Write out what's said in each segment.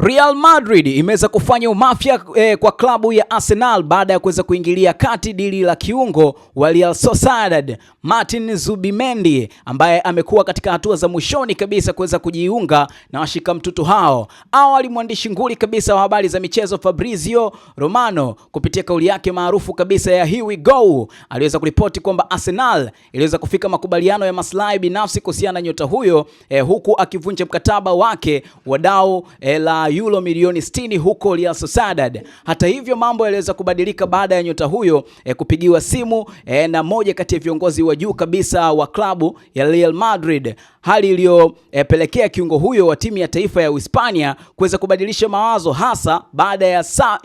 Real Madrid imeweza kufanya umafia eh, kwa klabu ya Arsenal baada ya kuweza kuingilia kati dili la kiungo wa Real Sociedad Martin Zubimendi ambaye amekuwa katika hatua za mwishoni kabisa kuweza kujiunga na washika mtutu hao. Awali mwandishi nguli kabisa wa habari za michezo Fabrizio Romano kupitia kauli yake maarufu kabisa ya Here we go aliweza kuripoti kwamba Arsenal iliweza kufika makubaliano ya maslahi binafsi kuhusiana na nyota huyo eh, huku akivunja mkataba wake dau eh, la euro milioni 60 huko Real Sociedad. Hata hivyo mambo yaliweza kubadilika baada ya nyota huyo e, kupigiwa simu e, na moja kati ya viongozi wa juu kabisa wa klabu ya Real Madrid, hali iliyopelekea eh, e, kiungo huyo wa timu ya taifa ya Uhispania kuweza kubadilisha mawazo, hasa baada ya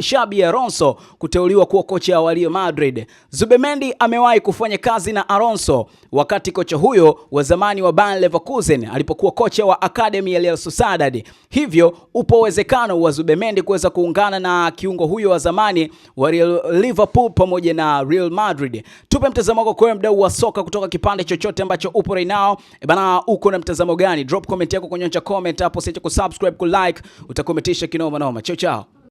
Xabi Alonso kuteuliwa kuwa kocha wa Real Madrid. Zubemendi amewahi kufanya kazi na Alonso wakati kocha huyo wa zamani wa Bayer Leverkusen alipokuwa kocha wa academy ya Real Sociedad, hivyo upo uwezekano wa Zubemendi kuweza kuungana na kiungo huyo wa zamani wa Real Liverpool pamoja na Real Madrid. Tupe mtazamo wako kwa mdau wa soka kutoka kipande chochote ambacho upo right now. E bana, uko na mtazamo gani? Drop comment yako kwenye comment hapo, siache kusubscribe, kulike, utakometisha kinoma noma. Chao chao.